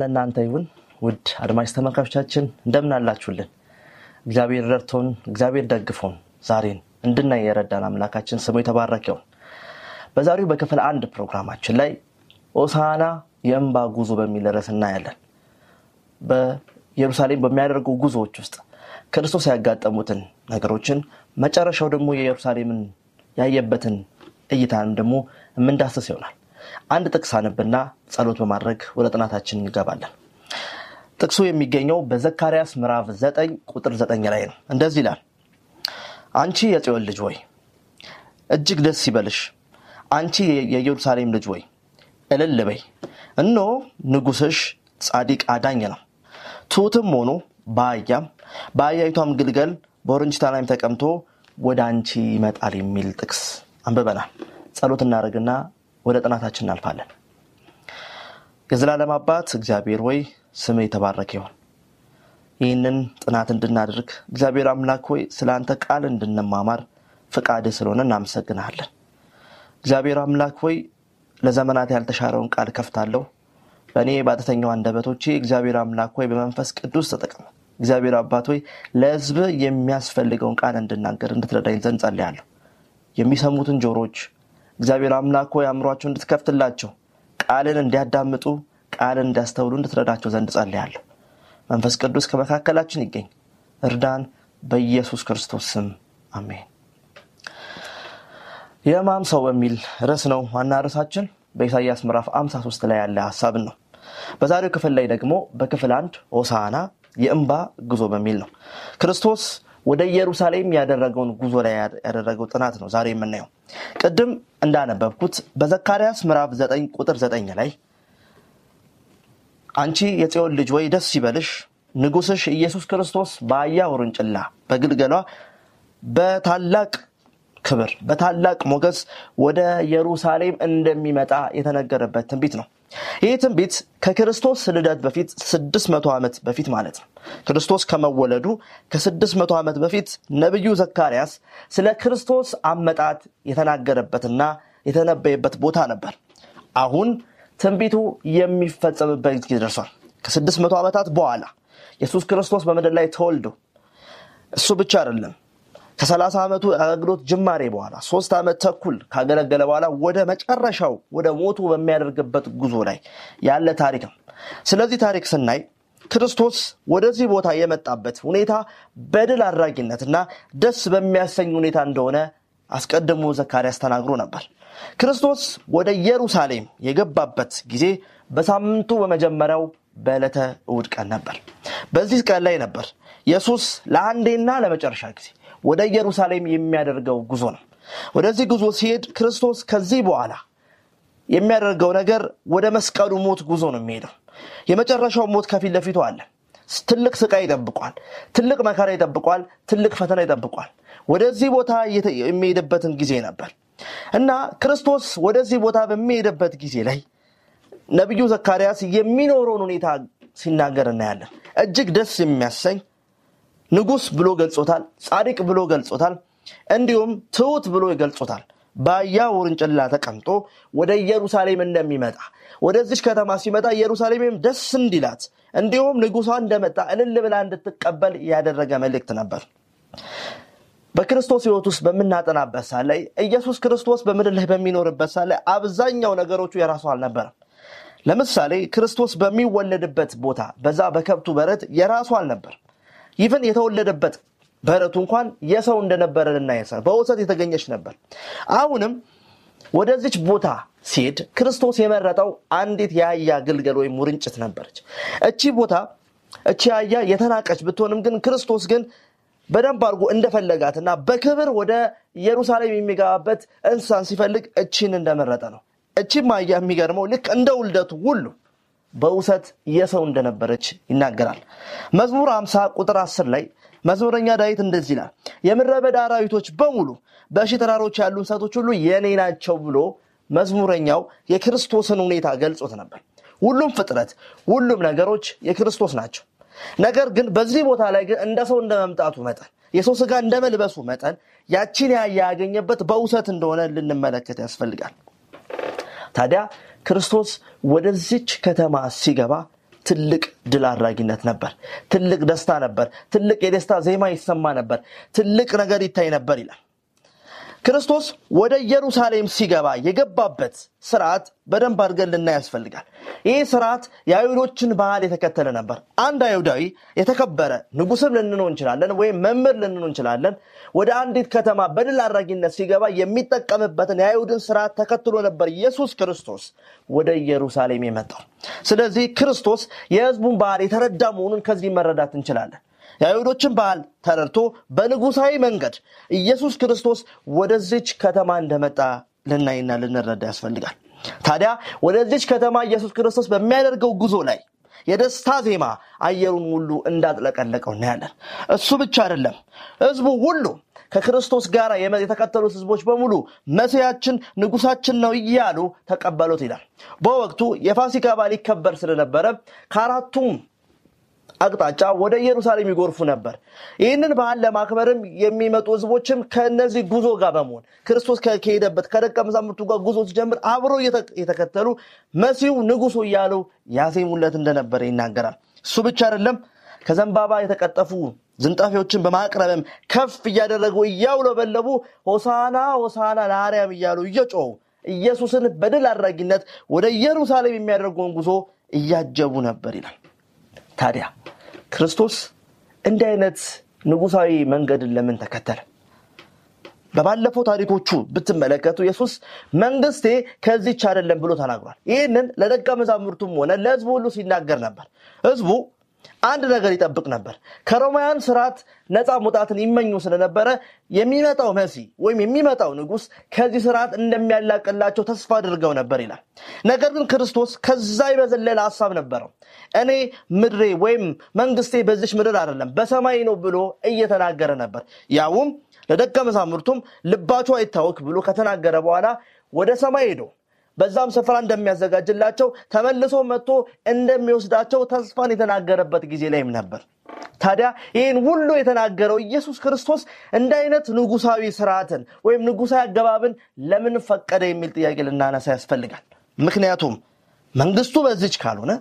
ለእናንተ ይሁን። ውድ አድማጭ ተመልካቾቻችን እንደምን አላችሁልን? እግዚአብሔር ረድቶን እግዚአብሔር ደግፎን ዛሬን እንድናይ የረዳን አምላካችን ስሙ የተባረክ ይሁን። በዛሬው በክፍል አንድ ፕሮግራማችን ላይ ኦሳና የእምባ ጉዞ በሚል ርዕስ እናያለን። በኢየሩሳሌም በሚያደርጉ ጉዞዎች ውስጥ ክርስቶስ ያጋጠሙትን ነገሮችን መጨረሻው ደግሞ የኢየሩሳሌምን ያየበትን እይታንም ደግሞ የምንዳስስ ይሆናል። አንድ ጥቅስ አነብና ጸሎት በማድረግ ወደ ጥናታችን እንገባለን። ጥቅሱ የሚገኘው በዘካርያስ ምዕራፍ ዘጠኝ ቁጥር ዘጠኝ ላይ ነው። እንደዚህ ይላል፣ አንቺ የጽዮን ልጅ ወይ እጅግ ደስ ይበልሽ፣ አንቺ የኢየሩሳሌም ልጅ ወይ እልል በይ፣ እነሆ ንጉሥሽ ጻዲቅ አዳኝ ነው፣ ትሑትም ሆኖ በአህያም በአህያይቷም ግልገል በውርንጭታ ላይም ተቀምጦ ወደ አንቺ ይመጣል የሚል ጥቅስ አንብበናል። ጸሎት እናደርግና ወደ ጥናታችን እናልፋለን። የዘላለም አባት እግዚአብሔር ወይ ስም የተባረከ ይሆን። ይህንን ጥናት እንድናደርግ እግዚአብሔር አምላክ ወይ ስለ አንተ ቃል እንድንማማር ፍቃድ ስለሆነ እናመሰግናለን። እግዚአብሔር አምላክ ወይ ለዘመናት ያልተሻረውን ቃል ከፍታለሁ። በእኔ በአጥተኛው አንደበቶቼ እግዚአብሔር አምላክ ወይ በመንፈስ ቅዱስ ተጠቅመ እግዚአብሔር አባት ወይ ለህዝብ የሚያስፈልገውን ቃል እንድናገር እንድትረዳኝ ዘንድ የሚሰሙትን ጆሮች እግዚአብሔር አምላክ ሆይ አእምሯቸው እንድትከፍትላቸው ቃልን እንዲያዳምጡ ቃልን እንዲያስተውሉ እንድትረዳቸው ዘንድ ጸልያለሁ። መንፈስ ቅዱስ ከመካከላችን ይገኝ፣ እርዳን። በኢየሱስ ክርስቶስ ስም አሜን። የማም ሰው በሚል ርዕስ ነው ዋና ርዕሳችን። በኢሳያስ ምዕራፍ 53 ላይ ያለ ሀሳብን ነው። በዛሬው ክፍል ላይ ደግሞ በክፍል አንድ ሆሳና የእምባ ጉዞ በሚል ነው ክርስቶስ ወደ ኢየሩሳሌም ያደረገውን ጉዞ ላይ ያደረገው ጥናት ነው ዛሬ የምናየው። ቅድም እንዳነበብኩት በዘካርያስ ምዕራፍ ዘጠኝ ቁጥር ዘጠኝ ላይ አንቺ የጽዮን ልጅ ወይ ደስ ይበልሽ ንጉስሽ ኢየሱስ ክርስቶስ በአያ ውርንጭላ በግልገሏ በታላቅ ክብር በታላቅ ሞገስ ወደ ኢየሩሳሌም እንደሚመጣ የተነገረበት ትንቢት ነው። ይህ ትንቢት ከክርስቶስ ልደት በፊት 600 ዓመት በፊት ማለት ነው። ክርስቶስ ከመወለዱ ከ600 ዓመት በፊት ነቢዩ ዘካርያስ ስለ ክርስቶስ አመጣት የተናገረበትና የተነበየበት ቦታ ነበር። አሁን ትንቢቱ የሚፈጸምበት ጊዜ ደርሷል። ከ600 ዓመታት በኋላ ኢየሱስ ክርስቶስ በምድር ላይ ተወልዶ እሱ ብቻ አይደለም ከ30 ዓመቱ አገልግሎት ጅማሬ በኋላ ሶስት ዓመት ተኩል ካገለገለ በኋላ ወደ መጨረሻው ወደ ሞቱ በሚያደርግበት ጉዞ ላይ ያለ ታሪክ ነው። ስለዚህ ታሪክ ስናይ ክርስቶስ ወደዚህ ቦታ የመጣበት ሁኔታ በድል እና ደስ በሚያሰኝ ሁኔታ እንደሆነ አስቀድሞ ዘካርያስ ተናግሮ ነበር። ክርስቶስ ወደ ኢየሩሳሌም የገባበት ጊዜ በሳምንቱ በመጀመሪያው በዕለተ እውድ ቀን ነበር። በዚህ ቀን ላይ ነበር ኢየሱስ ለአንዴና ለመጨረሻ ጊዜ ወደ ኢየሩሳሌም የሚያደርገው ጉዞ ነው። ወደዚህ ጉዞ ሲሄድ ክርስቶስ ከዚህ በኋላ የሚያደርገው ነገር ወደ መስቀሉ ሞት ጉዞ ነው የሚሄደው። የመጨረሻው ሞት ከፊት ለፊቱ አለ። ትልቅ ስቃይ ይጠብቋል። ትልቅ መከራ ይጠብቋል። ትልቅ ፈተና ይጠብቋል። ወደዚህ ቦታ የሚሄድበትን ጊዜ ነበር እና ክርስቶስ ወደዚህ ቦታ በሚሄድበት ጊዜ ላይ ነቢዩ ዘካርያስ የሚኖረውን ሁኔታ ሲናገር እናያለን። እጅግ ደስ የሚያሰኝ ንጉስ ብሎ ገልጾታል። ጻድቅ ብሎ ገልጾታል። እንዲሁም ትውት ብሎ ይገልጾታል። ባያ ውርንጭላ ተቀምጦ ወደ ኢየሩሳሌም እንደሚመጣ ወደዚች ከተማ ሲመጣ ኢየሩሳሌምም ደስ እንዲላት እንዲሁም ንጉሷ እንደመጣ እልል ብላ እንድትቀበል ያደረገ መልእክት ነበር። በክርስቶስ ህይወት ውስጥ በምናጠናበት ሳለ ላይ ኢየሱስ ክርስቶስ በምድር ላይ በሚኖርበት ሳለ አብዛኛው ነገሮቹ የራሱ አልነበረም። ለምሳሌ ክርስቶስ በሚወለድበት ቦታ በዛ በከብቱ በረት የራሱ አልነበርም ኢቨን የተወለደበት በረቱ እንኳን የሰው እንደነበረ ልናየሳ በውሰት የተገኘች ነበር። አሁንም ወደዚች ቦታ ሲሄድ ክርስቶስ የመረጠው አንዲት የአህያ ግልገል ወይም ውርንጭት ነበረች። እቺ ቦታ እቺ አህያ የተናቀች ብትሆንም ግን ክርስቶስ ግን በደንብ አድርጎ እንደፈለጋትና በክብር ወደ ኢየሩሳሌም የሚገባበት እንስሳን ሲፈልግ እቺን እንደመረጠ ነው። እቺም አህያ የሚገርመው ልክ እንደ ውልደቱ ሁሉ በውሰት የሰው እንደነበረች ይናገራል። መዝሙር አምሳ ቁጥር አስር ላይ መዝሙረኛ ዳዊት እንደዚህ ይላል፣ የምድረ በዳ አራዊቶች በሙሉ በሺ ተራሮች ያሉ እንሰቶች ሁሉ የኔ ናቸው ብሎ መዝሙረኛው የክርስቶስን ሁኔታ ገልጾት ነበር። ሁሉም ፍጥረት፣ ሁሉም ነገሮች የክርስቶስ ናቸው። ነገር ግን በዚህ ቦታ ላይ ግን እንደ ሰው እንደመምጣቱ መጠን የሰው ስጋ እንደመልበሱ መጠን ያቺን ያየ ያገኘበት በውሰት እንደሆነ ልንመለከት ያስፈልጋል። ታዲያ ክርስቶስ ወደዚች ከተማ ሲገባ ትልቅ ድል አድራጊነት ነበር። ትልቅ ደስታ ነበር። ትልቅ የደስታ ዜማ ይሰማ ነበር። ትልቅ ነገር ይታይ ነበር ይላል። ክርስቶስ ወደ ኢየሩሳሌም ሲገባ የገባበት ስርዓት በደንብ አድርገን ልና ያስፈልጋል። ይህ ስርዓት የአይሁዶችን ባህል የተከተለ ነበር። አንድ አይሁዳዊ የተከበረ ንጉስም ልንኖ እንችላለን፣ ወይም መምህር ልንኖ እንችላለን፣ ወደ አንዲት ከተማ በድል አድራጊነት ሲገባ የሚጠቀምበትን የአይሁድን ስርዓት ተከትሎ ነበር ኢየሱስ ክርስቶስ ወደ ኢየሩሳሌም የመጣው። ስለዚህ ክርስቶስ የህዝቡን ባህል የተረዳ መሆኑን ከዚህ መረዳት እንችላለን። የአይሁዶችን ባህል ተረድቶ በንጉሳዊ መንገድ ኢየሱስ ክርስቶስ ወደዚች ከተማ እንደመጣ ልናይና ልንረዳ ያስፈልጋል። ታዲያ ወደዚች ከተማ ኢየሱስ ክርስቶስ በሚያደርገው ጉዞ ላይ የደስታ ዜማ አየሩን ሁሉ እንዳጥለቀለቀው እናያለን። እሱ ብቻ አይደለም፣ ህዝቡ ሁሉ ከክርስቶስ ጋር የተከተሉት ህዝቦች በሙሉ መሲያችን ንጉሳችን ነው እያሉ ተቀበሉት ይላል። በወቅቱ የፋሲካ በዓል ይከበር ስለነበረ ከአራቱም አቅጣጫ ወደ ኢየሩሳሌም ይጎርፉ ነበር። ይህንን ባህል ለማክበርም የሚመጡ ህዝቦችም ከእነዚህ ጉዞ ጋር በመሆን ክርስቶስ ከሄደበት ከደቀ መዛሙርቱ ጋር ጉዞ ሲጀምር አብሮ የተከተሉ መሲሁ ንጉሱ እያሉ ያሴሙለት እንደነበረ ይናገራል። እሱ ብቻ አይደለም፣ ከዘንባባ የተቀጠፉ ዝንጣፊዎችን በማቅረብም ከፍ እያደረጉ እያውለበለቡ ሆሳና ሆሳና ለአርያም እያሉ እየጮሁ ኢየሱስን በድል አድራጊነት ወደ ኢየሩሳሌም የሚያደርገውን ጉዞ እያጀቡ ነበር ይላል። ታዲያ ክርስቶስ እንዲህ አይነት ንጉሳዊ መንገድን ለምን ተከተለ? በባለፈው ታሪኮቹ ብትመለከቱ ኢየሱስ መንግስቴ ከዚች አይደለም ብሎ ተናግሯል። ይህንን ለደቀ መዛሙርቱም ሆነ ለህዝቡ ሁሉ ሲናገር ነበር። ህዝቡ አንድ ነገር ይጠብቅ ነበር። ከሮማውያን ስርዓት ነፃ መውጣትን ይመኙ ስለነበረ የሚመጣው መሲ ወይም የሚመጣው ንጉስ ከዚህ ስርዓት እንደሚያላቅላቸው ተስፋ አድርገው ነበር ይላል። ነገር ግን ክርስቶስ ከዛ የበዘለለ ሀሳብ ነበረው። እኔ ምድሬ ወይም መንግስቴ በዚች ምድር አይደለም በሰማይ ነው ብሎ እየተናገረ ነበር። ያውም ለደቀ መዛሙርቱም ልባቸው አይታወክ ብሎ ከተናገረ በኋላ ወደ ሰማይ ሄዶ በዛም ስፍራ እንደሚያዘጋጅላቸው ተመልሶ መጥቶ እንደሚወስዳቸው ተስፋን የተናገረበት ጊዜ ላይም ነበር። ታዲያ ይህን ሁሉ የተናገረው ኢየሱስ ክርስቶስ እንደ አይነት ንጉሳዊ ስርዓትን ወይም ንጉሳዊ አገባብን ለምን ፈቀደ የሚል ጥያቄ ልናነሳ ያስፈልጋል። ምክንያቱም መንግስቱ በዚች ካልሆነ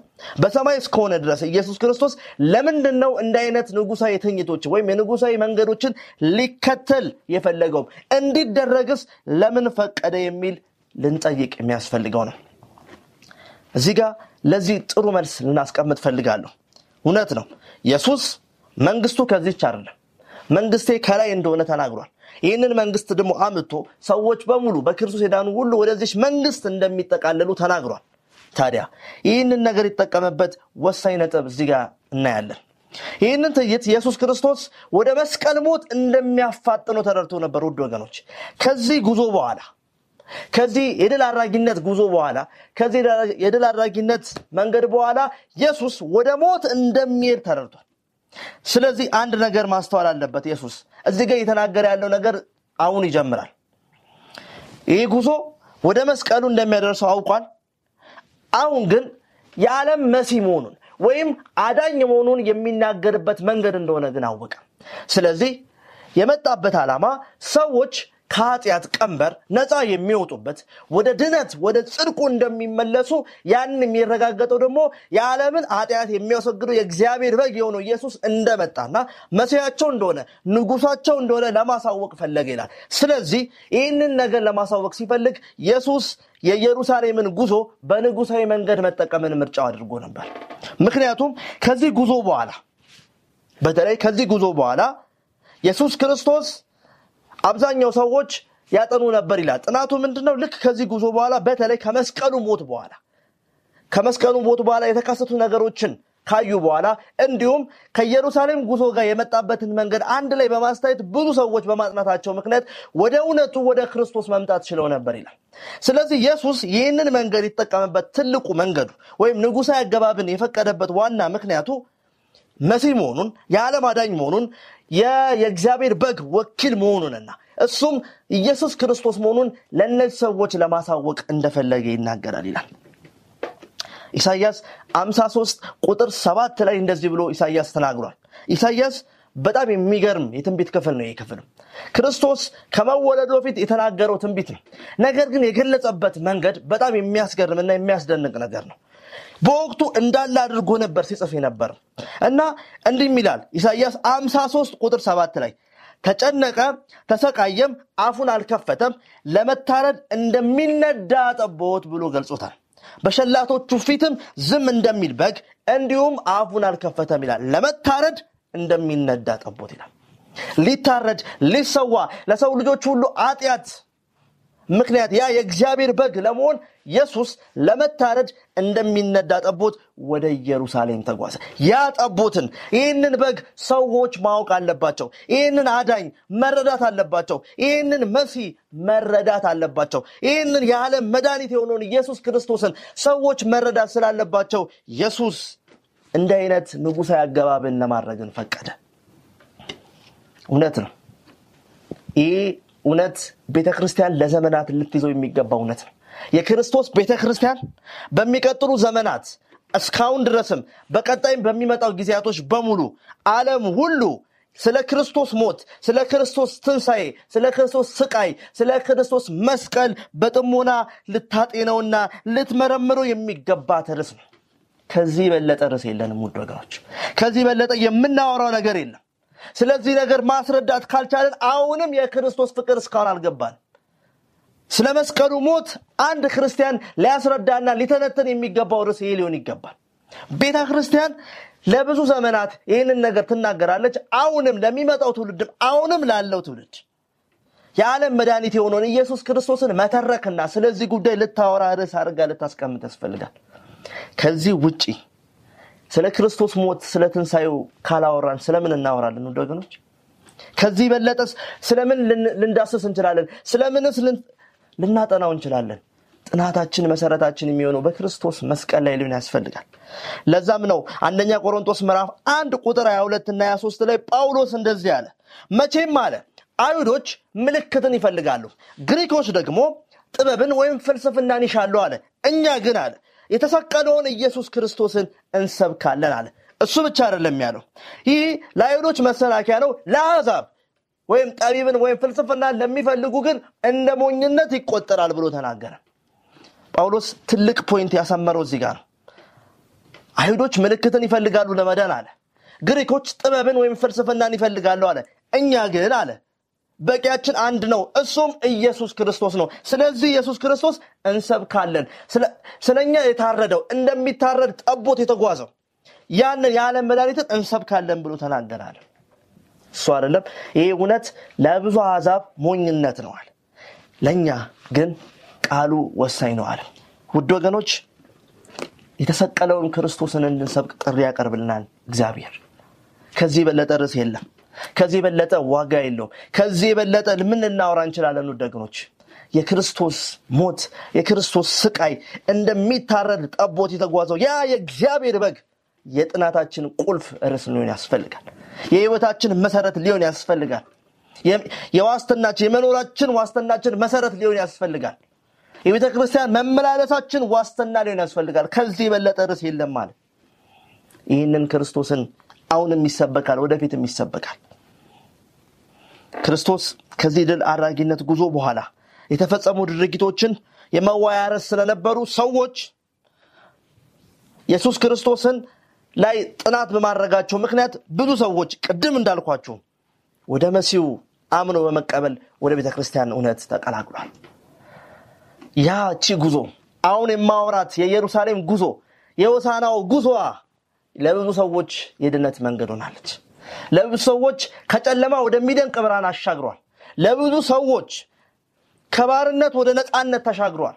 በሰማይ እስከሆነ ድረስ ኢየሱስ ክርስቶስ ለምንድን ነው እንደ አይነት ንጉሳዊ ትኝቶች ወይም የንጉሳዊ መንገዶችን ሊከተል የፈለገውም እንዲደረግስ ለምን ፈቀደ የሚል ልንጠይቅ የሚያስፈልገው ነው እዚህ ጋር ለዚህ ጥሩ መልስ ልናስቀምጥ ፈልጋለሁ እውነት ነው ኢየሱስ መንግስቱ ከዚች አይደለም መንግስቴ ከላይ እንደሆነ ተናግሯል ይህንን መንግስት ደግሞ አምጥቶ ሰዎች በሙሉ በክርስቶስ የዳኑ ሁሉ ወደዚች መንግስት እንደሚጠቃለሉ ተናግሯል ታዲያ ይህንን ነገር ይጠቀመበት ወሳኝ ነጥብ እዚህ ጋር እናያለን ይህንን ትዕይንት ኢየሱስ ክርስቶስ ወደ መስቀል ሞት እንደሚያፋጥነው ተረድቶ ነበር ውድ ወገኖች ከዚህ ጉዞ በኋላ ከዚህ የድል አድራጊነት ጉዞ በኋላ ከዚህ የድል አድራጊነት መንገድ በኋላ ኢየሱስ ወደ ሞት እንደሚሄድ ተረድቷል። ስለዚህ አንድ ነገር ማስተዋል አለበት። ኢየሱስ እዚህ ጋር እየተናገረ ያለው ነገር አሁን ይጀምራል። ይህ ጉዞ ወደ መስቀሉ እንደሚያደርሰው አውቋል። አሁን ግን የዓለም መሲህ መሆኑን ወይም አዳኝ መሆኑን የሚናገርበት መንገድ እንደሆነ ግን አወቀ። ስለዚህ የመጣበት ዓላማ ሰዎች ከኃጢአት ቀንበር ነፃ የሚወጡበት ወደ ድነት ወደ ጽድቁ እንደሚመለሱ ያን የሚረጋገጠው ደግሞ የዓለምን ኃጢአት የሚያስወግደው የእግዚአብሔር በግ የሆነው ኢየሱስ እንደመጣና መሲያቸው እንደሆነ ንጉሳቸው እንደሆነ ለማሳወቅ ፈለገ ይላል። ስለዚህ ይህንን ነገር ለማሳወቅ ሲፈልግ ኢየሱስ የኢየሩሳሌምን ጉዞ በንጉሳዊ መንገድ መጠቀምን ምርጫው አድርጎ ነበር። ምክንያቱም ከዚህ ጉዞ በኋላ በተለይ ከዚህ ጉዞ በኋላ ኢየሱስ ክርስቶስ አብዛኛው ሰዎች ያጠኑ ነበር ይላል። ጥናቱ ምንድነው? ልክ ከዚህ ጉዞ በኋላ በተለይ ከመስቀሉ ሞት በኋላ ከመስቀሉ ሞት በኋላ የተከሰቱ ነገሮችን ካዩ በኋላ እንዲሁም ከኢየሩሳሌም ጉዞ ጋር የመጣበትን መንገድ አንድ ላይ በማስተያየት ብዙ ሰዎች በማጥናታቸው ምክንያት ወደ እውነቱ ወደ ክርስቶስ መምጣት ችለው ነበር ይላል። ስለዚህ ኢየሱስ ይህንን መንገድ ይጠቀምበት ትልቁ መንገዱ ወይም ንጉሳዊ አገባብን የፈቀደበት ዋና ምክንያቱ መሲህ መሆኑን የዓለም አዳኝ መሆኑን የእግዚአብሔር በግ ወኪል መሆኑንና እሱም ኢየሱስ ክርስቶስ መሆኑን ለእነዚህ ሰዎች ለማሳወቅ እንደፈለገ ይናገራል ይላል ኢሳያስ 53 ቁጥር ሰባት ላይ እንደዚህ ብሎ ኢሳያስ ተናግሯል ኢሳያስ በጣም የሚገርም የትንቢት ክፍል ነው ይክፍል ክርስቶስ ከመወለዱ በፊት የተናገረው ትንቢት ነው ነገር ግን የገለጸበት መንገድ በጣም የሚያስገርምና የሚያስደንቅ ነገር ነው በወቅቱ እንዳለ አድርጎ ነበር ሲጽፍ ነበር እና እንዲህም ይላል ኢሳይያስ 53 ቁጥር ሰባት ላይ ተጨነቀ፣ ተሰቃየም፣ አፉን አልከፈተም፣ ለመታረድ እንደሚነዳ ጠቦት ብሎ ገልጾታል። በሸላቶቹ ፊትም ዝም እንደሚል በግ እንዲሁም አፉን አልከፈተም ይላል። ለመታረድ እንደሚነዳ ጠቦት ይላል። ሊታረድ ሊሰዋ ለሰው ልጆች ሁሉ አጥያት ምክንያት ያ የእግዚአብሔር በግ ለመሆን ኢየሱስ ለመታረድ እንደሚነዳ ጠቦት ወደ ኢየሩሳሌም ተጓዘ። ያ ጠቦትን ይህንን በግ ሰዎች ማወቅ አለባቸው። ይህንን አዳኝ መረዳት አለባቸው። ይህንን መሲ መረዳት አለባቸው። ይህንን የዓለም መድኃኒት የሆነውን ኢየሱስ ክርስቶስን ሰዎች መረዳት ስላለባቸው ኢየሱስ እንዲህ አይነት ንጉሳዊ አገባብን ለማድረግን ፈቀደ። እውነት ነው። ይህ እውነት ቤተ ክርስቲያን ለዘመናት ልትይዘው የሚገባ እውነት ነው። የክርስቶስ ቤተ ክርስቲያን በሚቀጥሉ ዘመናት እስካሁን ድረስም በቀጣይም በሚመጣው ጊዜያቶች በሙሉ ዓለም ሁሉ ስለ ክርስቶስ ሞት፣ ስለ ክርስቶስ ትንሣኤ፣ ስለ ክርስቶስ ስቃይ፣ ስለ ክርስቶስ መስቀል በጥሞና ልታጤነውና ልትመረምረው የሚገባ ርዕስ ነው። ከዚህ የበለጠ ርዕስ የለንም ውድ ወገኖች፣ ከዚህ የበለጠ የምናወራው ነገር የለም። ስለዚህ ነገር ማስረዳት ካልቻለን አሁንም የክርስቶስ ፍቅር እስካሁን አልገባንም። ስለ መስቀሉ ሞት አንድ ክርስቲያን ሊያስረዳና ሊተነተን የሚገባው ርዕስ ይሄ ሊሆን ይገባል። ቤተ ክርስቲያን ለብዙ ዘመናት ይህንን ነገር ትናገራለች። አሁንም ለሚመጣው ትውልድም አሁንም ላለው ትውልድ የዓለም መድኃኒት የሆነውን ኢየሱስ ክርስቶስን መተረክና ስለዚህ ጉዳይ ልታወራ ርዕስ አድርጋ ልታስቀምጥ ያስፈልጋል። ከዚህ ውጪ ስለ ክርስቶስ ሞት፣ ስለ ትንሣኤው ካላወራን ስለምን እናወራለን? ወደ ወገኖች ከዚህ በለጠስ ስለምን ልንዳስስ እንችላለን? ስለምንስ ልናጠናው እንችላለን። ጥናታችን መሰረታችን የሚሆነው በክርስቶስ መስቀል ላይ ሊሆን ያስፈልጋል። ለዛም ነው አንደኛ ቆሮንቶስ ምዕራፍ አንድ ቁጥር 22 እና 23 ላይ ጳውሎስ እንደዚህ አለ። መቼም አለ አይሁዶች ምልክትን ይፈልጋሉ፣ ግሪኮች ደግሞ ጥበብን ወይም ፍልስፍናን ይሻሉ አለ። እኛ ግን አለ የተሰቀለውን ኢየሱስ ክርስቶስን እንሰብካለን አለ። እሱ ብቻ አይደለም ያለው፣ ይህ ለአይሁዶች መሰናከያ ነው ለአሕዛብ ወይም ጠቢብን ወይም ፍልስፍና ለሚፈልጉ ግን እንደ ሞኝነት ይቆጠራል ብሎ ተናገረ። ጳውሎስ ትልቅ ፖይንት ያሰመረው እዚህ ጋር አይሁዶች ምልክትን ይፈልጋሉ ለመደን አለ። ግሪኮች ጥበብን ወይም ፍልስፍናን ይፈልጋሉ አለ። እኛ ግን አለ በቂያችን አንድ ነው፣ እሱም ኢየሱስ ክርስቶስ ነው። ስለዚህ ኢየሱስ ክርስቶስ እንሰብካለን። ስለ እኛ የታረደው እንደሚታረድ ጠቦት የተጓዘው ያንን የዓለም መድኃኒትን እንሰብካለን ብሎ ተናገራለን። እሱ አይደለም። ይሄ እውነት ለብዙ አዛብ ሞኝነት ነዋል፣ ለእኛ ግን ቃሉ ወሳኝ ነው አለ። ውድ ወገኖች የተሰቀለውን ክርስቶስን እንድንሰብቅ ጥሪ ያቀርብልናል እግዚአብሔር። ከዚህ የበለጠ ርዕስ የለም። ከዚህ የበለጠ ዋጋ የለውም። ከዚህ የበለጠ ምን ልናወራ እንችላለን? ውድ የክርስቶስ ሞት፣ የክርስቶስ ስቃይ እንደሚታረድ ጠቦት የተጓዘው ያ የእግዚአብሔር በግ የጥናታችን ቁልፍ ርዕስ ሊሆን ያስፈልጋል። የህይወታችን መሰረት ሊሆን ያስፈልጋል። የዋስትናችን የመኖራችን ዋስትናችን መሰረት ሊሆን ያስፈልጋል። የቤተ ክርስቲያን መመላለሳችን ዋስትና ሊሆን ያስፈልጋል። ከዚህ የበለጠ ርዕስ የለም ማለት ይህንን ክርስቶስን አሁንም ይሰበካል፣ ወደፊትም ይሰበካል። ክርስቶስ ከዚህ ድል አድራጊነት ጉዞ በኋላ የተፈጸሙ ድርጊቶችን የመዋያረስ ስለነበሩ ሰዎች ኢየሱስ ክርስቶስን ላይ ጥናት በማድረጋቸው ምክንያት ብዙ ሰዎች ቅድም እንዳልኳችሁ ወደ መሲው አምኖ በመቀበል ወደ ቤተ ክርስቲያን እውነት ተቀላቅሏል። ያቺ ጉዞ አሁን የማወራት የኢየሩሳሌም ጉዞ የወሳናው ጉዞዋ ለብዙ ሰዎች የድነት መንገድ ሆናለች። ለብዙ ሰዎች ከጨለማ ወደሚደንቅ ብርሃን አሻግሯል። ለብዙ ሰዎች ከባርነት ወደ ነፃነት ተሻግሯል።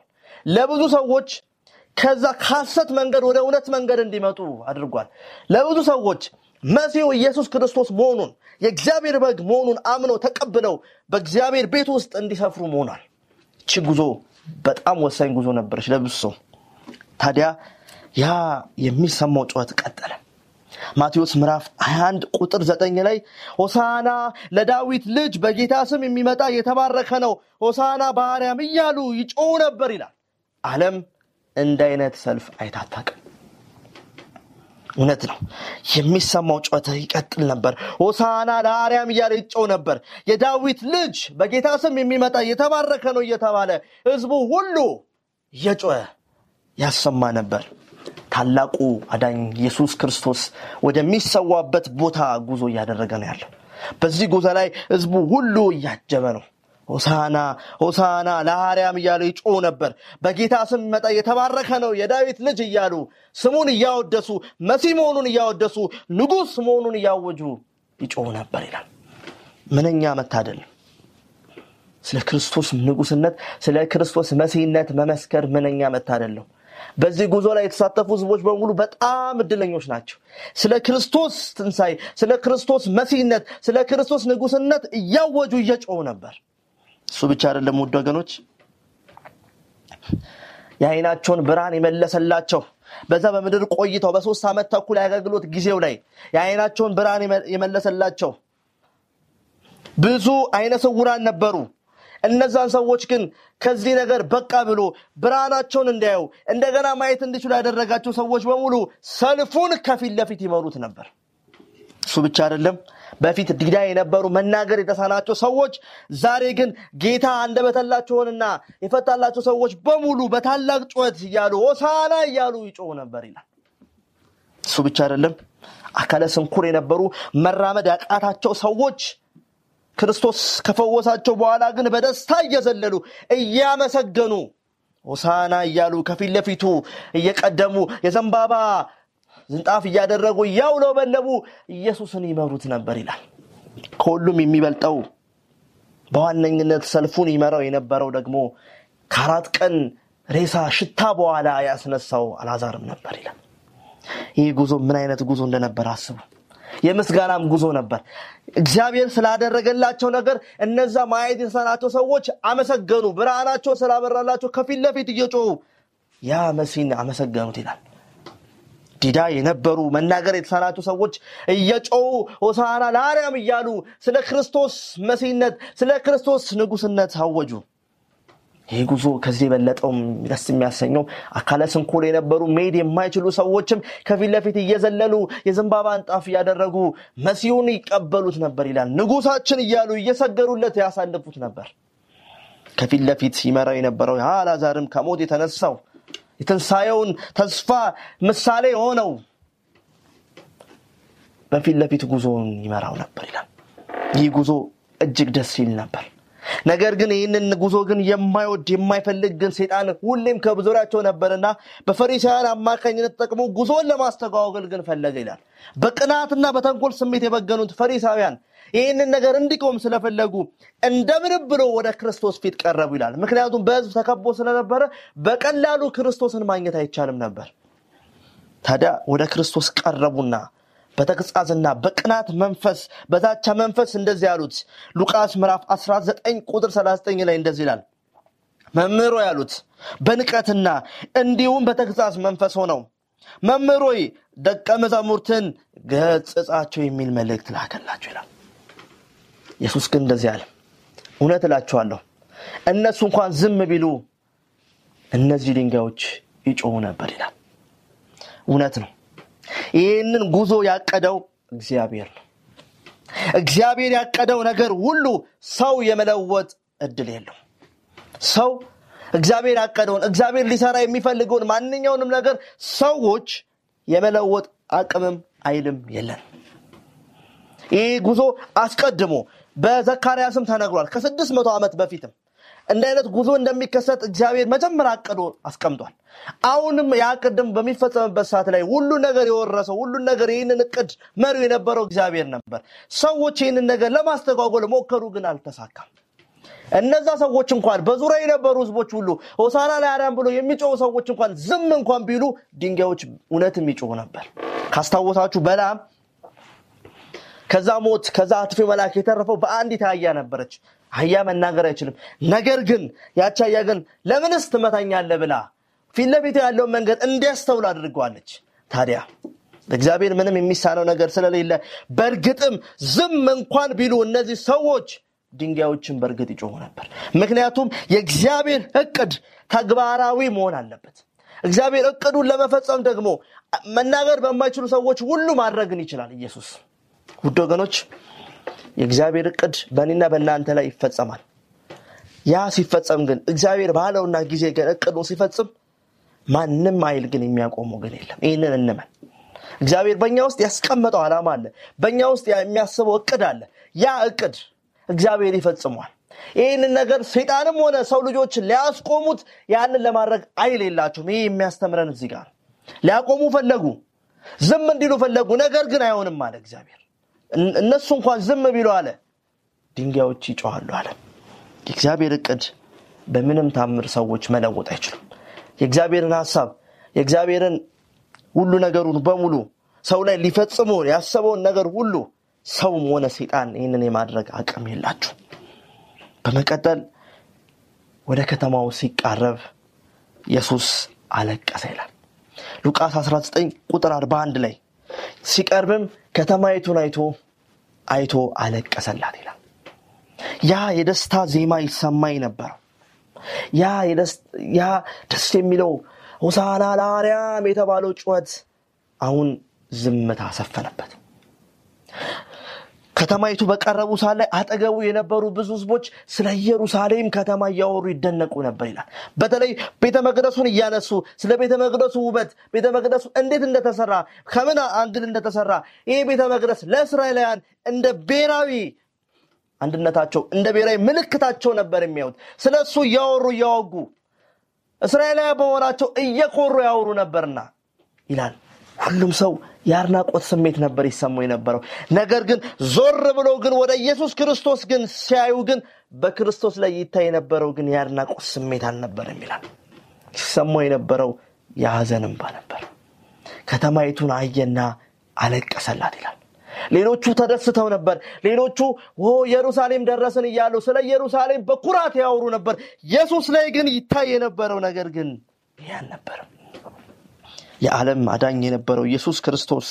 ለብዙ ሰዎች ከዛ ከሐሰት መንገድ ወደ እውነት መንገድ እንዲመጡ አድርጓል። ለብዙ ሰዎች መሲሁ ኢየሱስ ክርስቶስ መሆኑን የእግዚአብሔር በግ መሆኑን አምነው ተቀብለው በእግዚአብሔር ቤት ውስጥ እንዲሰፍሩ መሆኗል። ይቺ ጉዞ በጣም ወሳኝ ጉዞ ነበረች ለብዙ ሰው። ታዲያ ያ የሚሰማው ጩኸት ቀጠለ። ማቴዎስ ምዕራፍ 21 ቁጥር 9 ላይ ሆሳና ለዳዊት ልጅ በጌታ ስም የሚመጣ የተባረከ ነው፣ ሆሳና በአርያም እያሉ ይጮሁ ነበር ይላል። ዓለም እንደ አይነት ሰልፍ አይታታቅም። እውነት ነው። የሚሰማው ጩኸት ይቀጥል ነበር። ሆሳና ለአርያም እያለ ይጨው ነበር። የዳዊት ልጅ በጌታ ስም የሚመጣ እየተባረከ ነው እየተባለ ህዝቡ ሁሉ እየጮኸ ያሰማ ነበር። ታላቁ አዳኝ ኢየሱስ ክርስቶስ ወደሚሰዋበት ቦታ ጉዞ እያደረገ ነው ያለው። በዚህ ጉዞ ላይ ህዝቡ ሁሉ እያጀበ ነው። ሆሳና ሆሳና ለሐርያም እያሉ ይጮው ነበር። በጌታ ስም መጣ የተባረከ ነው የዳዊት ልጅ እያሉ ስሙን እያወደሱ መሲህ መሆኑን እያወደሱ ንጉስ መሆኑን እያወጁ ይጮው ነበር ይላል። ምንኛ መታደል! ስለ ክርስቶስ ንጉስነት፣ ስለ ክርስቶስ መሲህነት መመስከር ምንኛ መታደል ነው። በዚህ ጉዞ ላይ የተሳተፉ ህዝቦች በሙሉ በጣም እድለኞች ናቸው። ስለ ክርስቶስ ትንሣኤ፣ ስለ ክርስቶስ መሲህነት፣ ስለ ክርስቶስ ንጉስነት እያወጁ እየጮው ነበር። እሱ ብቻ አይደለም ውድ ወገኖች የአይናቸውን ብርሃን የመለሰላቸው በዛ በምድር ቆይተው በሶስት ዓመት ተኩል የአገልግሎት ጊዜው ላይ የአይናቸውን ብርሃን የመለሰላቸው ብዙ አይነ ስውራን ነበሩ እነዛን ሰዎች ግን ከዚህ ነገር በቃ ብሎ ብርሃናቸውን እንዳየው እንደገና ማየት እንዲችሉ ያደረጋቸው ሰዎች በሙሉ ሰልፉን ከፊት ለፊት ይመሩት ነበር እሱ ብቻ አይደለም በፊት ዲዳ የነበሩ መናገር የተሳናቸው ሰዎች ዛሬ ግን ጌታ አንደበተላቸውንና የፈታላቸው ሰዎች በሙሉ በታላቅ ጩኸት እያሉ ሆሳና እያሉ ይጮሁ ነበር ይላል። እሱ ብቻ አይደለም። አካለ ስንኩር የነበሩ መራመድ ያቃታቸው ሰዎች ክርስቶስ ከፈወሳቸው በኋላ ግን በደስታ እየዘለሉ እያመሰገኑ ሆሳና እያሉ ከፊት ለፊቱ እየቀደሙ የዘንባባ ዝንጣፍ እያደረጉ በለቡ ኢየሱስን ይመሩት ነበር ይላል። ከሁሉም የሚበልጠው በዋነኝነት ሰልፉን ይመራው የነበረው ደግሞ ከአራት ቀን ሬሳ ሽታ በኋላ ያስነሳው አላዛርም ነበር ይላል። ይህ ጉዞ ምን አይነት ጉዞ እንደነበር አስቡ። የምስጋናም ጉዞ ነበር። እግዚአብሔር ስላደረገላቸው ነገር እነዛ ማየት የተሳናቸው ሰዎች አመሰገኑ። ብርሃናቸው ስላበራላቸው ከፊት ለፊት እየጮሁ ያ መሲን አመሰገኑት ይላል። ዲዳ የነበሩ መናገር የተሳናቱ ሰዎች እየጮሁ ሆሳና ለአርያም እያሉ ስለ ክርስቶስ መሲህነት፣ ስለ ክርስቶስ ንጉስነት አወጁ። ይህ ጉዞ ከዚህ የበለጠውም ደስ የሚያሰኘው አካለ ስንኩል የነበሩ መሄድ የማይችሉ ሰዎችም ከፊት ለፊት እየዘለሉ የዘንባባ አንጣፍ እያደረጉ መሲሁን ይቀበሉት ነበር ይላል። ንጉሳችን እያሉ እየሰገዱለት ያሳልፉት ነበር። ከፊት ለፊት ይመራው የነበረው አላዛርም ከሞት የተነሳው የትንሣኤውን ተስፋ ምሳሌ የሆነው በፊት ለፊት ጉዞውን ይመራው ነበር ይላል። ይህ ጉዞ እጅግ ደስ ይል ነበር። ነገር ግን ይህንን ጉዞ ግን የማይወድ የማይፈልግ ግን ሴጣን ሁሌም ከብዙሪያቸው ነበርና በፈሪሳውያን አማካኝነት ተጠቅሞ ጉዞን ለማስተጓጎል ግን ፈለገ ይላል። በቅናትና በተንኮል ስሜት የበገኑት ፈሪሳውያን ይህንን ነገር እንዲቆም ስለፈለጉ እንደምን ብሎ ወደ ክርስቶስ ፊት ቀረቡ ይላል። ምክንያቱም በህዝብ ተከቦ ስለነበረ በቀላሉ ክርስቶስን ማግኘት አይቻልም ነበር። ታዲያ ወደ ክርስቶስ ቀረቡና በተግጻዝና በቅናት መንፈስ በዛቻ መንፈስ እንደዚህ ያሉት። ሉቃስ ምዕራፍ 19 ቁጥር 39 ላይ እንደዚህ ይላል፣ መምህሮ ያሉት በንቀትና እንዲሁም በተግጻዝ መንፈስ ሆነው መምህሮይ ደቀ መዛሙርትን ገጽጻቸው የሚል መልእክት ላከላቸው ይላል። ኢየሱስ ግን እንደዚህ አለ፣ እውነት እላችኋለሁ እነሱ እንኳን ዝም ቢሉ እነዚህ ድንጋዮች ይጮሁ ነበር ይላል። እውነት ነው። ይህንን ጉዞ ያቀደው እግዚአብሔር ነው። እግዚአብሔር ያቀደው ነገር ሁሉ ሰው የመለወጥ እድል የለው። ሰው እግዚአብሔር ያቀደውን እግዚአብሔር ሊሰራ የሚፈልገውን ማንኛውንም ነገር ሰዎች የመለወጥ አቅምም አይልም የለን። ይህ ጉዞ አስቀድሞ በዘካርያስም ተነግሯል። ከስድስት መቶ ዓመት በፊትም እንዲህ አይነት ጉዞ እንደሚከሰት እግዚአብሔር መጀመሪያ አቅዶ አስቀምጧል። አሁንም ያ ቅድም በሚፈጸምበት ሰዓት ላይ ሁሉ ነገር የወረሰው ሁሉ ነገር ይህንን እቅድ መሪው የነበረው እግዚአብሔር ነበር። ሰዎች ይህንን ነገር ለማስተጓጎል ሞከሩ፣ ግን አልተሳካም። እነዛ ሰዎች እንኳን በዙሪያ የነበሩ ህዝቦች ሁሉ ሆሳና ላይ አዳም ብሎ የሚጮሁ ሰዎች እንኳን ዝም እንኳን ቢሉ ድንጋዮች እውነት የሚጮሁ ነበር። ካስታወሳችሁ በላም ከዛ ሞት ከዛ አጥፊ መልአክ የተረፈው በአንድ አህያ ነበረች። አህያ መናገር አይችልም። ነገር ግን ያች ግን ለምንስ ትመታኛለ ብላ ፊት ያለውን መንገድ እንዲያስተውል አድርገዋለች። ታዲያ እግዚአብሔር ምንም የሚሳነው ነገር ስለሌለ በእርግጥም ዝም እንኳን ቢሉ እነዚህ ሰዎች ድንጋዮችን በእርግጥ ይጮሁ ነበር። ምክንያቱም የእግዚአብሔር እቅድ ተግባራዊ መሆን አለበት። እግዚአብሔር እቅዱን ለመፈጸም ደግሞ መናገር በማይችሉ ሰዎች ሁሉ ማድረግን ይችላል ኢየሱስ ውድ ወገኖች የእግዚአብሔር እቅድ በእኔና በእናንተ ላይ ይፈጸማል ያ ሲፈጸም ግን እግዚአብሔር ባለውና ጊዜ ግን እቅዱ ሲፈጽም ማንም አይል ግን የሚያቆመው ግን የለም ይህንን እንመን እግዚአብሔር በእኛ ውስጥ ያስቀመጠው ዓላማ አለ በእኛ ውስጥ የሚያስበው እቅድ አለ ያ እቅድ እግዚአብሔር ይፈጽሟል ይህንን ነገር ሴጣንም ሆነ ሰው ልጆችን ሊያስቆሙት ያንን ለማድረግ አይል የላቸውም ይህ የሚያስተምረን እዚህ ጋር ሊያቆሙ ፈለጉ ዝም እንዲሉ ፈለጉ ነገር ግን አይሆንም አለ እግዚአብሔር እነሱ እንኳን ዝም ቢሉ አለ ድንጋዮች ይጮኋሉ አለ የእግዚአብሔር እቅድ በምንም ታምር ሰዎች መለወጥ አይችሉም የእግዚአብሔርን ሀሳብ የእግዚአብሔርን ሁሉ ነገሩን በሙሉ ሰው ላይ ሊፈጽሙ ያሰበውን ነገር ሁሉ ሰውም ሆነ ሴጣን ይህንን የማድረግ አቅም የላችሁ በመቀጠል ወደ ከተማው ሲቃረብ ኢየሱስ አለቀሰ ይላል ሉቃስ 19 ቁጥር 41 ላይ ሲቀርብም ከተማይቱን አይቶ አይቶ አለቀሰላት ይላል ያ የደስታ ዜማ ይሰማኝ ነበር ያ ደስ የሚለው ሆሳና ለአርያም የተባለው ጩኸት አሁን ዝምታ ሰፈነበት ከተማይቱ በቀረቡ ሰዓት ላይ አጠገቡ የነበሩ ብዙ ህዝቦች ስለ ኢየሩሳሌም ከተማ እያወሩ ይደነቁ ነበር ይላል። በተለይ ቤተ መቅደሱን እያነሱ ስለ ቤተ መቅደሱ ውበት፣ ቤተ መቅደሱ እንዴት እንደተሰራ ከምን አንግል እንደተሰራ ይህ ቤተ መቅደስ ለእስራኤላውያን እንደ ብሔራዊ አንድነታቸው እንደ ብሔራዊ ምልክታቸው ነበር የሚያዩት። ስለ እሱ እያወሩ እያወጉ እስራኤላዊ በመሆናቸው እየኮሩ ያወሩ ነበርና ይላል ሁሉም ሰው የአድናቆት ስሜት ነበር ይሰሙ የነበረው። ነገር ግን ዞር ብሎ ግን ወደ ኢየሱስ ክርስቶስ ግን ሲያዩ ግን በክርስቶስ ላይ ይታይ የነበረው ግን የአድናቆት ስሜት አልነበርም ይላል። ሲሰማው የነበረው የሐዘን እንባ ነበር። ከተማይቱን አየና አለቀሰላት ይላል። ሌሎቹ ተደስተው ነበር። ሌሎቹ ኢየሩሳሌም ደረስን እያሉ ስለ ኢየሩሳሌም በኩራት ያወሩ ነበር። ኢየሱስ ላይ ግን ይታይ የነበረው ነገር ግን ይህ አልነበረም። የዓለም አዳኝ የነበረው ኢየሱስ ክርስቶስ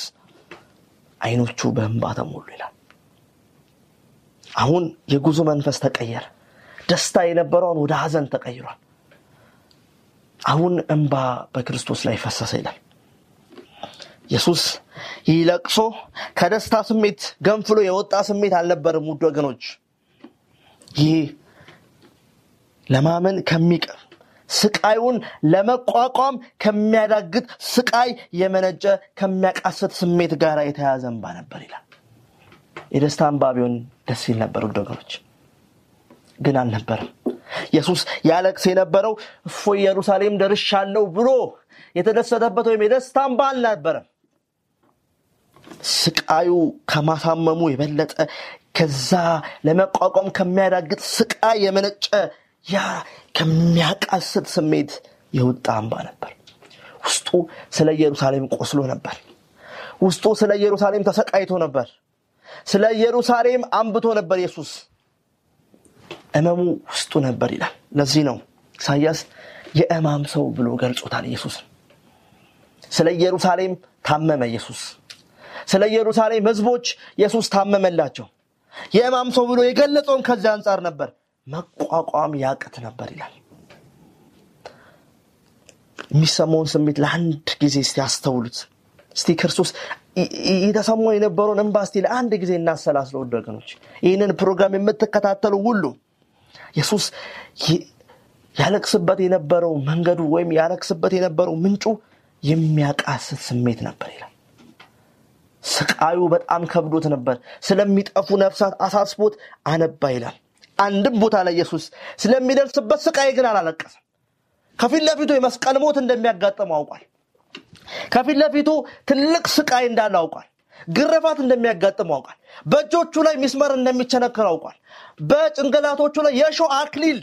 አይኖቹ በእንባ ተሞሉ ይላል። አሁን የጉዞ መንፈስ ተቀየረ። ደስታ የነበረውን ወደ ሀዘን ተቀይሯል። አሁን እንባ በክርስቶስ ላይ ፈሰሰ ይላል። ኢየሱስ ይህ ለቅሶ ከደስታ ስሜት ገንፍሎ የወጣ ስሜት አልነበርም። ውድ ወገኖች፣ ይህ ለማመን ከሚቀር ስቃዩን ለመቋቋም ከሚያዳግት ስቃይ የመነጨ ከሚያቃስት ስሜት ጋር የተያዘ እንባ ነበር ይላል። የደስታ አንባቢውን ደስ ይል ነበር ወገኖች፣ ግን አልነበርም ኢየሱስ ያለቅስ የነበረው እፎ ኢየሩሳሌም ደርሻለሁ ብሎ የተደሰተበት ወይም የደስታ እንባ አልነበርም ስቃዩ ከማሳመሙ የበለጠ ከዛ ለመቋቋም ከሚያዳግጥ ስቃይ የመነጨ ያ ከሚያቃስት ስሜት የወጣ አምባ ነበር ውስጡ ስለ ኢየሩሳሌም ቆስሎ ነበር ውስጡ ስለ ኢየሩሳሌም ተሰቃይቶ ነበር ስለ ኢየሩሳሌም አንብቶ ነበር ኢየሱስ እመሙ ውስጡ ነበር ይላል ለዚህ ነው ኢሳያስ የእማም ሰው ብሎ ገልጾታል ኢየሱስ ስለ ኢየሩሳሌም ታመመ ኢየሱስ ስለ ኢየሩሳሌም ህዝቦች ኢየሱስ ታመመላቸው የእማም ሰው ብሎ የገለጸውን ከዚህ አንጻር ነበር መቋቋም ያቅት ነበር ይላል። የሚሰማውን ስሜት ለአንድ ጊዜ ስ ያስተውሉት እስቲ ክርስቶስ የተሰማው የነበረውን እንባ እስቲ ለአንድ ጊዜ እናሰላስለ። ውድ ወገኖች፣ ይህንን ፕሮግራም የምትከታተሉ ሁሉ የሱስ ያለቅስበት የነበረው መንገዱ ወይም ያለቅስበት የነበረው ምንጩ የሚያቃስት ስሜት ነበር ይላል። ስቃዩ በጣም ከብዶት ነበር። ስለሚጠፉ ነፍሳት አሳስቦት አነባ ይላል። አንድም ቦታ ላይ ኢየሱስ ስለሚደርስበት ስቃይ ግን አላለቀሰም። ከፊት ለፊቱ የመስቀል ሞት እንደሚያጋጥመው አውቋል። ከፊት ለፊቱ ትልቅ ስቃይ እንዳለ አውቋል። ግርፋት እንደሚያጋጥመው አውቋል። በእጆቹ ላይ ሚስመር እንደሚቸነከር አውቋል። በጭንቅላቶቹ ላይ የእሾህ አክሊል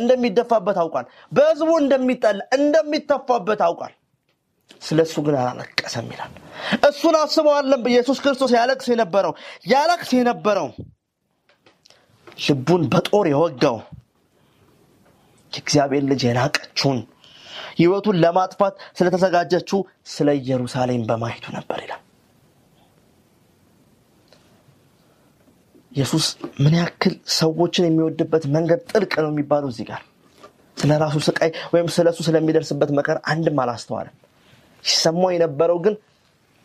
እንደሚደፋበት አውቋል። በህዝቡ እንደሚጠላ እንደሚተፋበት አውቋል። ስለ እሱ ግን አላለቀሰም ይላል። እሱን አስበዋለን ኢየሱስ ክርስቶስ ያለቅስ የነበረው ያለቅስ የነበረው ልቡን በጦር የወጋው የእግዚአብሔር ልጅ የናቀችውን ህይወቱን ለማጥፋት ስለተዘጋጀችው ስለ ኢየሩሳሌም በማየቱ ነበር ይላል ኢየሱስ ምን ያክል ሰዎችን የሚወድበት መንገድ ጥልቅ ነው የሚባለው እዚህ ጋር ስለ ራሱ ስቃይ ወይም ስለ እሱ ስለሚደርስበት መከር አንድም አላስተዋለም ሲሰማው የነበረው ግን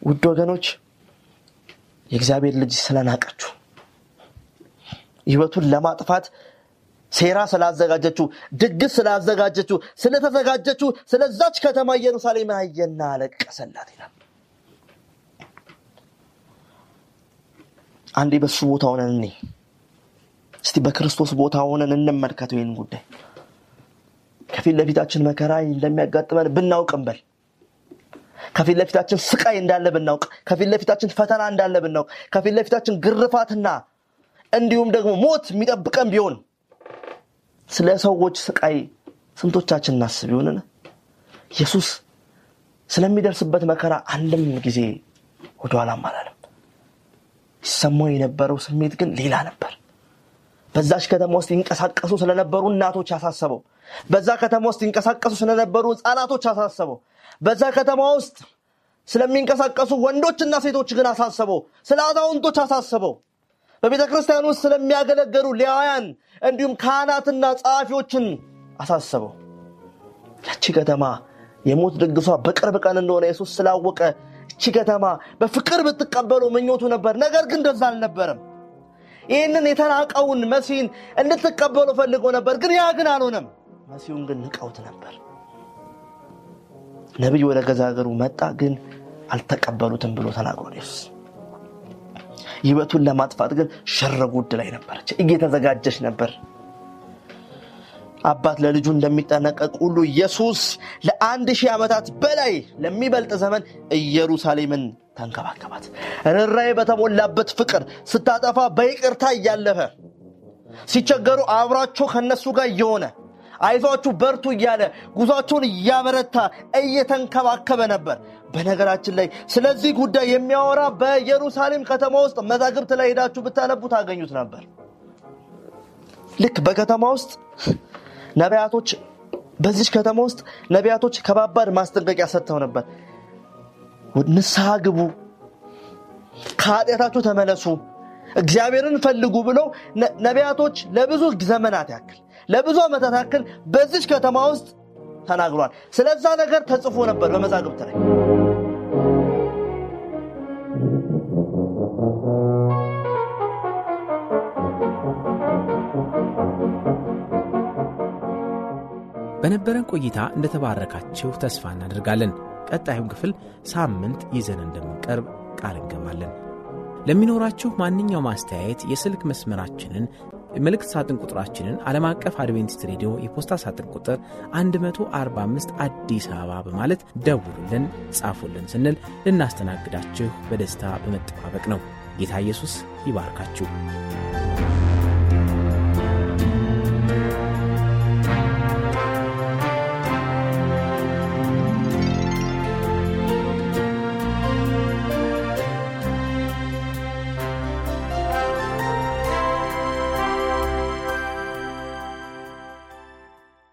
ውድ ወገኖች የእግዚአብሔር ልጅ ስለናቀችሁ ህይወቱን ለማጥፋት ሴራ ስላዘጋጀችው፣ ድግስ ስላዘጋጀችው፣ ስለተዘጋጀችው ስለዛች ከተማ ኢየሩሳሌም አየና አለቀሰላት ይላል። አንዴ በሱ ቦታ ሆነን እኔ እስቲ በክርስቶስ ቦታ ሆነን እንመልከተው ይህን ጉዳይ። ከፊት ለፊታችን መከራ እንደሚያጋጥመን ብናውቅ እንበል ከፊት ለፊታችን ስቃይ እንዳለ ብናውቅ፣ ከፊት ለፊታችን ፈተና እንዳለ ብናውቅ፣ ከፊት ለፊታችን ግርፋትና እንዲሁም ደግሞ ሞት የሚጠብቀን ቢሆን ስለ ሰዎች ስቃይ ስንቶቻችን እናስብ ይሆንን? ኢየሱስ ስለሚደርስበት መከራ አንድም ጊዜ ወደኋላ አላለም። ይሰማው የነበረው ስሜት ግን ሌላ ነበር። በዛች ከተማ ውስጥ ይንቀሳቀሱ ስለነበሩ እናቶች አሳሰበው። በዛ ከተማ ውስጥ ይንቀሳቀሱ ስለነበሩ ህፃናቶች አሳሰበው። በዛ ከተማ ውስጥ ስለሚንቀሳቀሱ ወንዶችና ሴቶች ግን አሳሰበው። ስለ አዛውንቶች አሳሰበው። በቤተ ክርስቲያን ውስጥ ስለሚያገለገሉ ሌዋውያን እንዲሁም ካህናትና ጸሐፊዎችን አሳሰበው። ያቺ ከተማ የሞት ድግሷ በቅርብ ቀን እንደሆነ የሱስ ስላወቀ እቺ ከተማ በፍቅር ብትቀበሉ ምኞቱ ነበር። ነገር ግን ደዛ አልነበረም። ይህንን የተናቀውን መሲን እንድትቀበሉ ፈልጎ ነበር። ግን ያ ግን አልሆነም። መሲሁን ግን ንቀውት ነበር። ነቢይ ወደ ገዛ አገሩ መጣ፣ ግን አልተቀበሉትም ብሎ ተናግሮ ኢየሱስ ህይወቱን ለማጥፋት ግን ሽርጉድ ላይ ነበረች፣ እየተዘጋጀች ነበር። አባት ለልጁ እንደሚጠነቀቅ ሁሉ ኢየሱስ ለአንድ ሺህ ዓመታት በላይ ለሚበልጥ ዘመን ኢየሩሳሌምን ተንከባከባት። ርኅራኄ በተሞላበት ፍቅር ስታጠፋ በይቅርታ እያለፈ ሲቸገሩ አብራቸው ከነሱ ጋር እየሆነ አይዟችሁ በርቱ እያለ ጉዟቸውን እያበረታ እየተንከባከበ ነበር። በነገራችን ላይ ስለዚህ ጉዳይ የሚያወራ በኢየሩሳሌም ከተማ ውስጥ መዛግብት ላይ ሄዳችሁ ብታነቡ ታገኙት ነበር። ልክ በከተማ ውስጥ ነቢያቶች በዚች ከተማ ውስጥ ነቢያቶች ከባባድ ማስጠንቀቂያ ሰጥተው ነበር። ንስሐ ግቡ፣ ከኃጢአታችሁ ተመለሱ፣ እግዚአብሔርን ፈልጉ ብለው ነቢያቶች ለብዙ ዘመናት ያክል ለብዙ ዓመታት ያክል በዚች ከተማ ውስጥ ተናግሯል። ስለዛ ነገር ተጽፎ ነበር በመዛግብት ላይ በነበረን ቆይታ እንደተባረካችሁ ተስፋ እናደርጋለን። ቀጣዩን ክፍል ሳምንት ይዘን እንደምንቀርብ ቃል እንገባለን። ለሚኖራችሁ ማንኛውም አስተያየት የስልክ መስመራችንን መልእክት ሳጥን ቁጥራችንን ዓለም አቀፍ አድቬንቲስት ሬዲዮ የፖስታ ሳጥን ቁጥር 145 አዲስ አበባ በማለት ደውሉልን፣ ጻፉልን ስንል ልናስተናግዳችሁ በደስታ በመጠባበቅ ነው። ጌታ ኢየሱስ ይባርካችሁ።